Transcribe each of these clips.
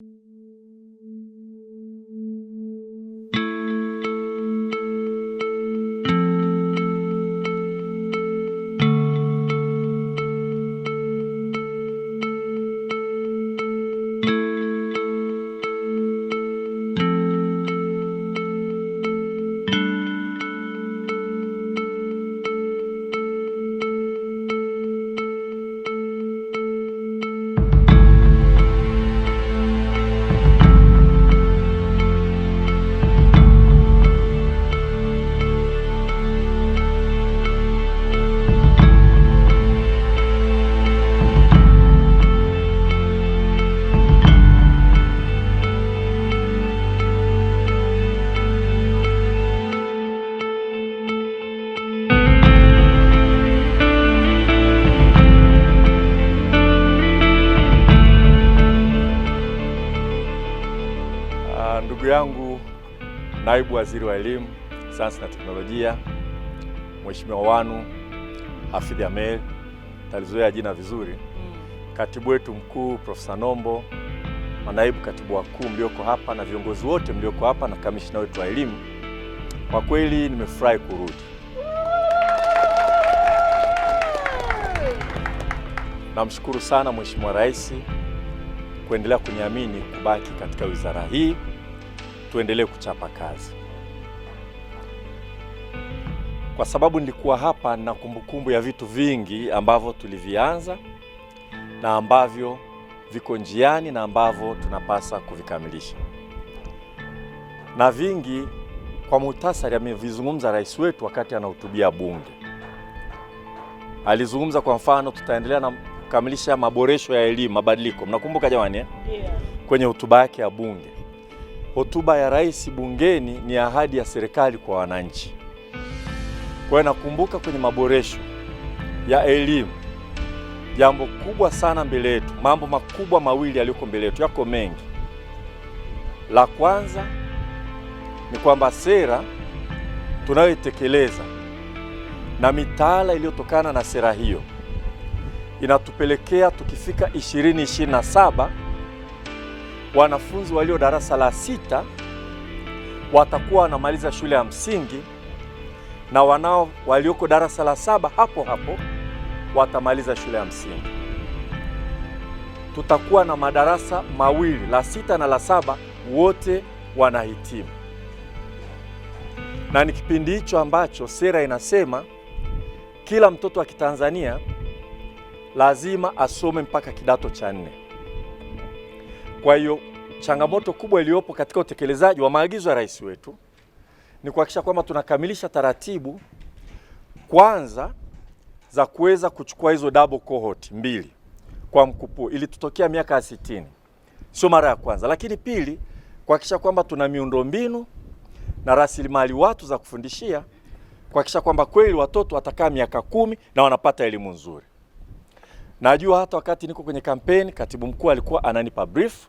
Thank you. yangu naibu waziri wa elimu, sayansi na teknolojia, Mheshimiwa Wanu Hafidh Ameir, talizoea jina vizuri, mm. katibu wetu mkuu Profesa Nombo, manaibu katibu wakuu mlioko hapa na viongozi wote mlioko hapa na kamishna wetu wa elimu, kwa kweli nimefurahi kurudi. Namshukuru sana Mheshimiwa Rais kuendelea kuniamini kubaki katika wizara hii tuendelee kuchapa kazi, kwa sababu nilikuwa hapa na kumbukumbu ya vitu vingi ambavyo tulivianza na ambavyo viko njiani na ambavyo tunapasa kuvikamilisha, na vingi kwa muhtasari amevizungumza rais wetu wakati anahutubia Bunge. Alizungumza kwa mfano, tutaendelea na kukamilisha maboresho ya elimu, mabadiliko. Mnakumbuka jamani eh? Yeah. Kwenye hotuba yake ya Bunge hotuba ya rais bungeni ni ahadi ya serikali kwa wananchi. Kwa hiyo nakumbuka kwenye maboresho ya elimu, jambo kubwa sana mbele yetu, mambo makubwa mawili yaliyoko mbele yetu, yako mengi. La kwanza ni kwamba sera tunayoitekeleza na mitaala iliyotokana na sera hiyo inatupelekea tukifika 2027 wanafunzi walio darasa la sita watakuwa wanamaliza shule ya msingi na wanao walioko darasa la saba hapo hapo watamaliza shule ya msingi. Tutakuwa na madarasa mawili, la sita na la saba, wote wanahitimu, na ni kipindi hicho ambacho sera inasema kila mtoto wa Kitanzania lazima asome mpaka kidato cha nne. Kwa hiyo changamoto kubwa iliyopo katika utekelezaji wa maagizo ya rais wetu ni kuhakikisha kwamba tunakamilisha taratibu kwanza za kuweza kuchukua hizo double cohort mbili kwa mkupuo, ilitutokea miaka ya sitini, sio mara ya kwanza. Lakini pili, kuhakikisha kwamba tuna miundombinu na rasilimali watu za kufundishia, kuhakikisha kwamba kweli watoto watakaa miaka kumi na wanapata elimu nzuri. Najua hata wakati niko kwenye kampeni, katibu mkuu alikuwa ananipa brief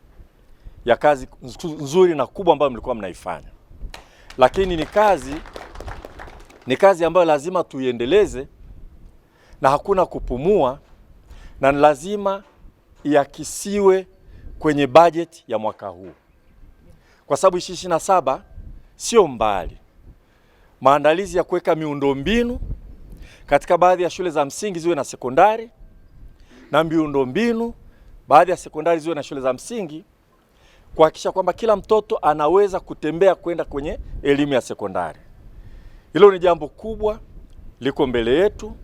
ya kazi nzuri na kubwa ambayo mlikuwa mnaifanya, lakini ni kazi ni kazi ambayo lazima tuiendeleze na hakuna kupumua, na ni lazima iakisiwe kwenye bajeti ya mwaka huu, kwa sababu ishirini na saba sio mbali. Maandalizi ya kuweka miundombinu katika baadhi ya shule za msingi ziwe na sekondari na miundombinu, baadhi ya sekondari ziwe na shule za msingi, kuhakikisha kwamba kila mtoto anaweza kutembea kwenda kwenye elimu ya sekondari. Hilo ni jambo kubwa, liko mbele yetu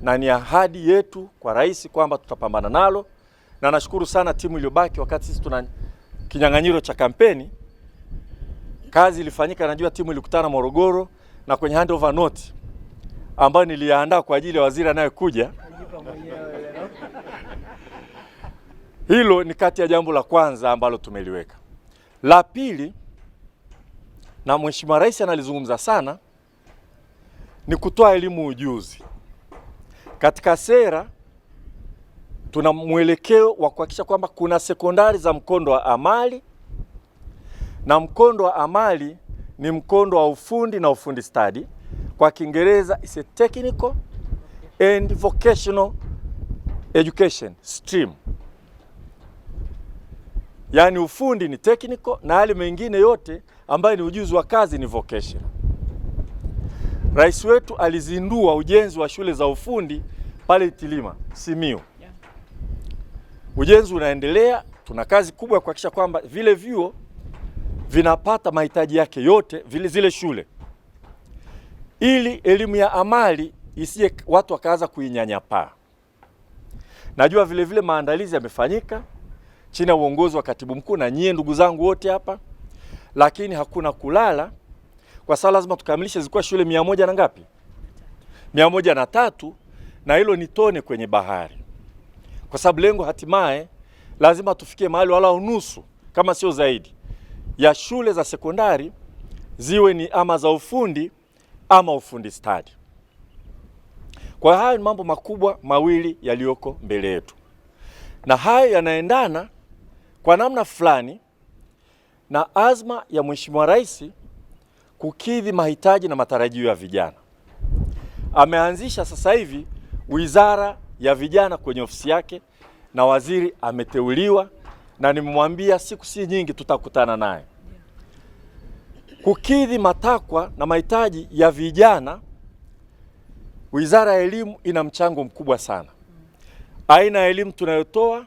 na ni ahadi yetu kwa rais kwamba tutapambana nalo, na nashukuru sana timu iliyobaki wakati sisi tuna kinyang'anyiro cha kampeni. Kazi ilifanyika, najua timu ilikutana Morogoro na kwenye handover note ambayo niliandaa kwa ajili ya waziri anayekuja hilo ni kati ya jambo la kwanza ambalo tumeliweka. La pili, na Mheshimiwa Rais analizungumza sana, ni kutoa elimu ujuzi. Katika sera tuna mwelekeo wa kuhakikisha kwamba kuna sekondari za mkondo wa amali, na mkondo wa amali ni mkondo wa ufundi na ufundi stadi, kwa Kiingereza is a technical and vocational education stream, yaani ufundi ni technical na yale mengine yote ambayo ni ujuzi wa kazi ni vocation. Rais wetu alizindua ujenzi wa shule za ufundi pale Itilima Simiu. Ujenzi unaendelea, tuna kazi kubwa ya kuhakikisha kwamba vile vyuo vinapata mahitaji yake yote, vile zile shule, ili elimu ya amali isije watu wakaanza kuinyanyapaa. Najua vile vile maandalizi yamefanyika chini ya uongozi wa katibu mkuu na nyie ndugu zangu wote hapa, lakini hakuna kulala kwa sababu lazima tukamilishe. Zilikuwa shule mia moja na ngapi? Mia moja na tatu, na hilo ni tone kwenye bahari, kwa sababu lengo hatimaye lazima tufikie mahali walau nusu kama sio zaidi ya shule za sekondari ziwe ni ama za ufundi ama ufundi stadi. Kwa hiyo ni mambo makubwa mawili yaliyoko mbele yetu, na hayo yanaendana kwa namna fulani na azma ya Mheshimiwa Rais kukidhi mahitaji na matarajio ya vijana. Ameanzisha sasa hivi wizara ya vijana kwenye ofisi yake na waziri ameteuliwa, na nimemwambia siku si nyingi tutakutana naye kukidhi matakwa na mahitaji ya vijana Wizara ya Elimu ina mchango mkubwa sana, aina ya elimu tunayotoa,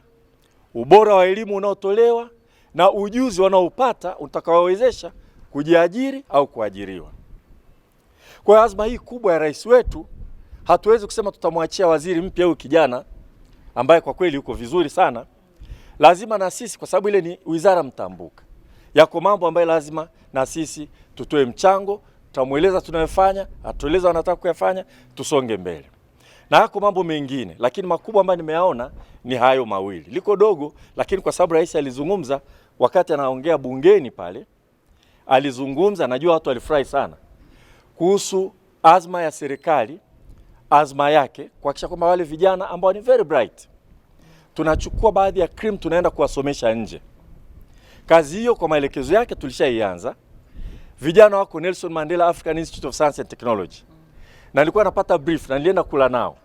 ubora wa elimu unaotolewa na ujuzi wanaopata utakaowezesha kujiajiri au kuajiriwa. Kwa hiyo azma hii kubwa ya rais wetu, hatuwezi kusema tutamwachia waziri mpya huyu kijana ambaye kwa kweli yuko vizuri sana. Lazima na sisi kwa sababu ile ni wizara mtambuka, yako mambo ambayo lazima na sisi tutoe mchango tutamweleza tunayofanya, atueleza wanataka kuyafanya, tusonge mbele. Na yako mambo mengine, lakini makubwa ambayo nimeyaona ni hayo mawili. Liko dogo, lakini kwa sababu rais alizungumza wakati anaongea bungeni pale, alizungumza, najua watu walifurahi sana kuhusu azma ya serikali, azma yake kuhakikisha kwamba wale vijana ambao ni very bright tunachukua baadhi ya cream tunaenda kuwasomesha nje. Kazi hiyo kwa maelekezo yake tulishaianza, vijana wako Nelson Mandela African Institute of Science and Technology, na nilikuwa napata brief na nilienda kula nao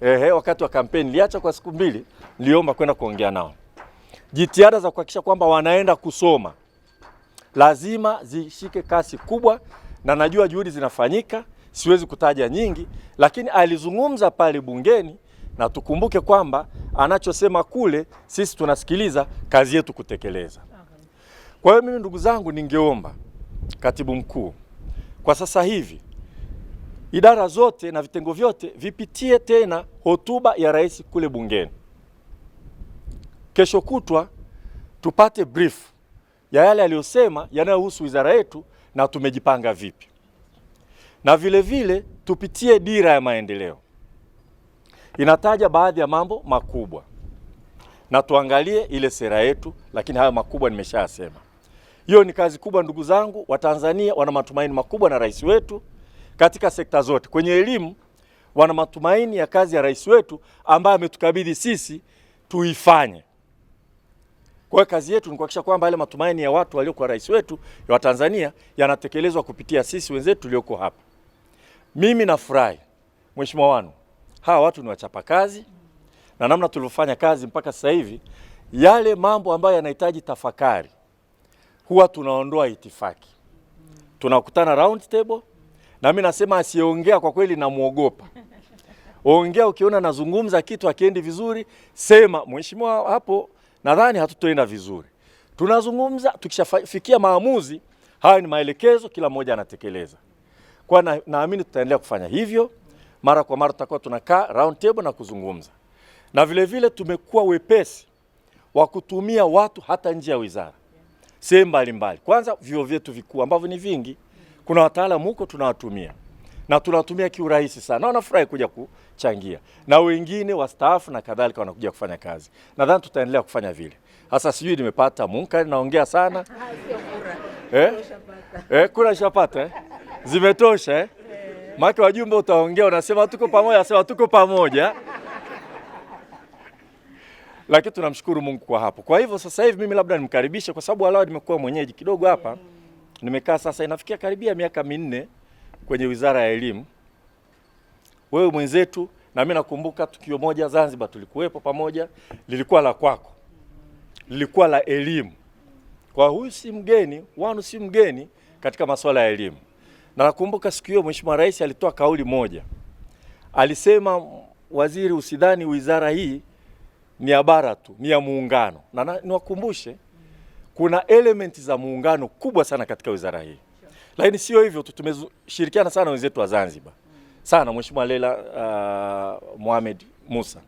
ehe, wakati wa kampeni niliacha kwa siku mbili, niliomba kwenda kuongea nao. Jitihada za kuhakikisha kwamba wanaenda kusoma lazima zishike kasi kubwa, na najua juhudi zinafanyika, siwezi kutaja nyingi, lakini alizungumza pale bungeni, na tukumbuke kwamba anachosema kule sisi tunasikiliza, kazi yetu kutekeleza. Kwa hiyo mimi ndugu zangu, ningeomba katibu mkuu, kwa sasa hivi idara zote na vitengo vyote vipitie tena hotuba ya rais kule bungeni kesho kutwa, tupate brief ya yale aliyosema yanayohusu wizara yetu na tumejipanga vipi, na vile vile tupitie dira ya maendeleo inataja baadhi ya mambo makubwa na tuangalie ile sera yetu, lakini hayo makubwa nimeshayasema. Hiyo ni kazi kubwa, ndugu zangu. Watanzania wana matumaini makubwa na rais wetu katika sekta zote. Kwenye elimu, wana matumaini ya kazi ya rais wetu ambaye ametukabidhi sisi tuifanye. Kwa hiyo kazi yetu ni kuhakikisha kwamba yale matumaini ya watu waliokuwa rais wetu ya Watanzania yanatekelezwa kupitia sisi wenzetu tulioko hapa. Mimi nafurahi mheshimiwa wanu, hawa watu ni wachapa kazi na namna tulivyofanya kazi mpaka sasa hivi, yale mambo ambayo yanahitaji tafakari huwa tunaondoa itifaki, tunakutana round table, na mimi nasema asiongea kwa kweli namwogopa. Ongea ukiona nazungumza kitu akiendi vizuri, sema mheshimiwa, hapo nadhani hatutoenda vizuri. Tunazungumza, tukishafikia maamuzi, haya ni maelekezo, kila mmoja anatekeleza. Kwa na, naamini tutaendelea kufanya hivyo mara kwa mara, tutakuwa tunakaa round table na kuzungumza, na vile vile tumekuwa wepesi wa kutumia watu hata nje ya wizara sehemu mbalimbali. Kwanza vyuo vyetu vikuu ambavyo ni vingi, kuna wataalamu huko tunawatumia na tunawatumia kiurahisi sana, na wanafurahi kuja kuchangia, na wengine wastaafu na kadhalika wanakuja kufanya kazi. Nadhani tutaendelea kufanya vile. Sasa sijui nimepata munkari, naongea sana ah, eh? Eh, kura ishapata eh? Zimetosha eh? eh? Maana wajumbe utaongea, unasema tuko pamoja, asema tuko pamoja lakini tunamshukuru Mungu kwa hapo. Kwa hivyo sasa hivi mimi labda nimkaribishe, kwa sababu alao nimekuwa mwenyeji kidogo hapa, nimekaa sasa, inafikia karibia miaka minne kwenye wizara ya elimu, wewe mwenzetu na mimi nakumbuka tukio moja Zanzibar tulikuwepo pamoja, lilikuwa la kwako, lilikuwa la elimu. Kwa huyu si mgeni wanu, si mgeni katika masuala ya elimu, na nakumbuka siku hiyo Mheshimiwa Rais alitoa kauli moja, alisema, waziri, usidhani wizara hii ni ya bara tu, ni ya muungano, na niwakumbushe kuna elementi za muungano kubwa sana katika wizara hii, lakini sio hivyo tu, tumeshirikiana sana wenzetu wa Zanzibar sana, Mheshimiwa Leila uh, Mohamed Musa.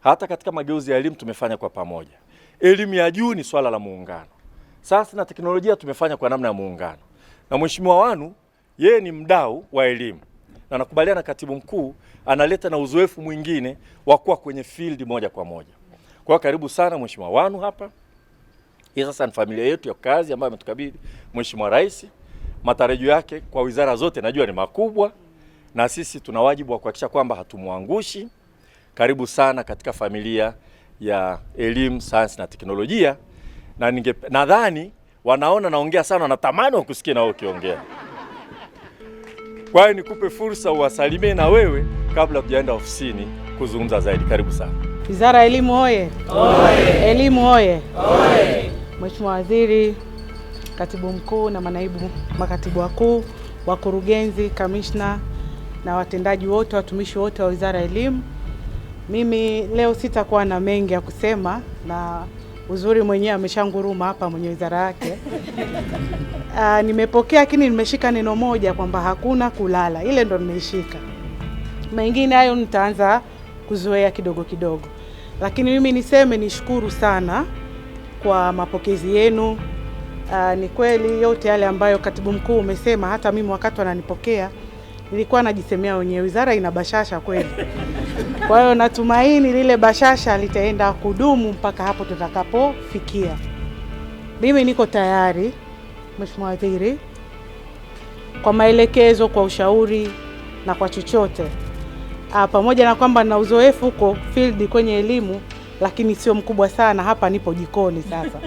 Hata katika mageuzi ya elimu tumefanya kwa pamoja. Elimu ya juu ni swala la muungano, sasa na teknolojia tumefanya kwa namna ya muungano, na Mheshimiwa Wanu yeye ni mdau wa elimu na nakubaliana na katibu mkuu, analeta na uzoefu mwingine wa kuwa kwenye field moja kwa moja. Kwa hiyo karibu sana Mheshimiwa Wanu hapa. Hii sasa ni familia yetu ya kazi ambayo ametukabidhi Mheshimiwa Rais. Matarajio yake kwa wizara zote najua ni makubwa, na sisi tuna wajibu wa kuhakikisha kwamba hatumwangushi. Karibu sana katika familia ya elimu, sayansi na teknolojia, na ninge nadhani wanaona naongea sana, wanatamani wakusikie na wao ukiongea. Kwa hiyo nikupe fursa uwasalimie na wewe kabla tujaenda ofisini kuzungumza zaidi. Karibu sana. Wizara ya Elimu hoye! Oye! Elimu hoye! Oye! Mheshimiwa Waziri, Katibu Mkuu na manaibu makatibu wakuu, wakurugenzi, kamishna na watendaji wote, watumishi wote wa Wizara ya Elimu, mimi leo sitakuwa na mengi ya kusema na Uzuri mwenyewe ameshanguruma hapa mwenye wizara yake. Uh, nimepokea lakini nimeshika neno moja kwamba hakuna kulala, ile ndo nimeishika. Mengine hayo nitaanza kuzoea kidogo kidogo, lakini mimi niseme nishukuru sana kwa mapokezi yenu. Uh, ni kweli yote yale ambayo katibu mkuu umesema, hata mimi wakati wananipokea nilikuwa najisemea wenyewe, wizara ina bashasha kweli. Kwa hiyo natumaini lile bashasha litaenda kudumu mpaka hapo tutakapofikia. Mimi niko tayari, Mheshimiwa Waziri, kwa maelekezo, kwa ushauri na kwa chochote. Ah, pamoja na kwamba na uzoefu huko field kwenye elimu, lakini sio mkubwa sana. Hapa nipo jikoni sasa,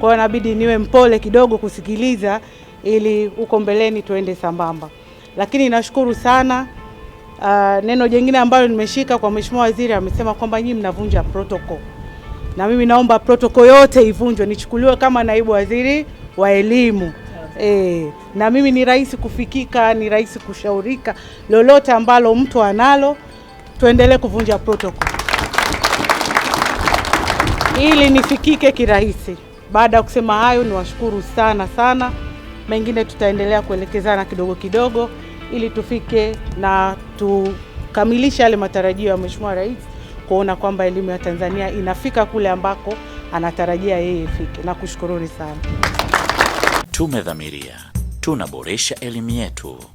kwa hiyo inabidi niwe mpole kidogo kusikiliza, ili huko mbeleni tuende sambamba, lakini nashukuru sana. Uh, neno jingine ambalo nimeshika kwa mheshimiwa waziri amesema kwamba nyinyi mnavunja protocol, na mimi naomba protocol yote ivunjwe, nichukuliwe kama naibu waziri wa elimu e, na mimi ni rahisi kufikika, ni rahisi kushaurika, lolote ambalo mtu analo, tuendelee kuvunja protocol ili nifikike kirahisi. Baada ya kusema hayo, niwashukuru sana sana, mengine tutaendelea kuelekezana kidogo kidogo ili tufike na tukamilishe yale matarajio ya Mheshimiwa Rais kuona kwamba elimu ya Tanzania inafika kule ambako anatarajia yeye ifike. Nakushukuruni sana. Tumedhamiria tunaboresha elimu yetu.